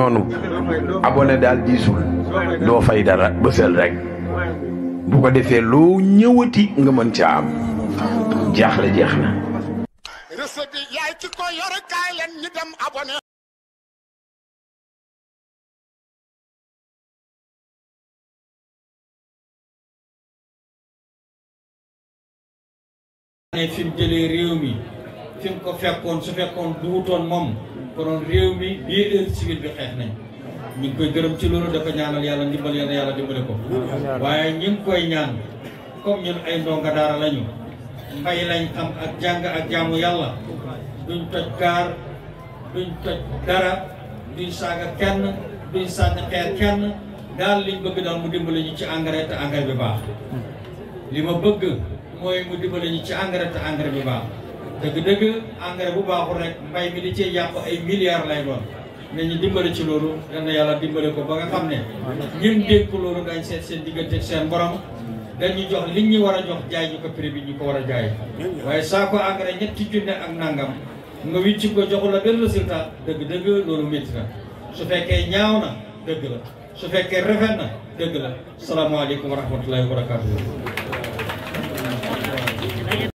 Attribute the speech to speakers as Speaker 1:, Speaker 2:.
Speaker 1: noonu abonné daal diisul doo fay dara rek bu ko defee loo ñëwati nga mën ca am jaaxle jeex na recette bi yaay ci ko yor kaay leen ñu dem abonné
Speaker 2: konoon réew mi biir civil bi xeex nañ ñu koy gërëm ci loolu da ko ñaanal yàlla ndimbal yàlla yàlla dimbale ko waaye ñu koy ñaan comme ñun ay ndonga daara lañu mbay lañ xam ak jàng ak jaamu yàlla duñ toj gaar duñ toj dara duñ saaga kenn duñ sànni xeer kenn daal liñ bëgg daal mu dimbale ñu ci engrais te engrais bi baax li ma bëgg mooy mu dimbale ñu ci engrais te engrais bi baax dëgg-dëgg engrais bu baaxul rek mbay mi li cee yàq ay milliards lay doon mais ñu dimbali ci loolu dana yàlla dimbali ko ba nga xam ne ñun dégg loolu dañ seet seen diggante seen borom dañu jox liñ ñu war a jox jaay ñu ko prix bi ñu ko war a jaay waaye saa ko engrais ñetti junne ak nangam nga wicc ko joxu la benn résultat dëgg-dëgg loolu métti na su fekkee ñaaw na dëgg la su fekkee rafet na dëgg la salaamaaleykum wa rahmatullahi wa barakatuh